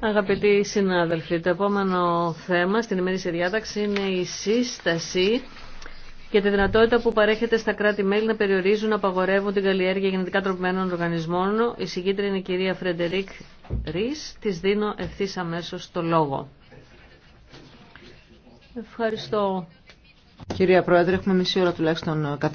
Αγαπητοί συνάδελφοι, το επόμενο θέμα στην ημερήσια διάταξη είναι η σύσταση και τη δυνατότητα που παρέχεται στα κράτη-μέλη να περιορίζουν, να απαγορεύουν την καλλιέργεια γενετικά τροπημένων οργανισμών. Η συγκίτρια είναι η κυρία Φρεντερίκ Ρης. Της δίνω ευθύς αμέσως το λόγο. Ευχαριστώ. Κυρία Πρόεδρε, έχουμε μισή ώρα τουλάχιστον ε,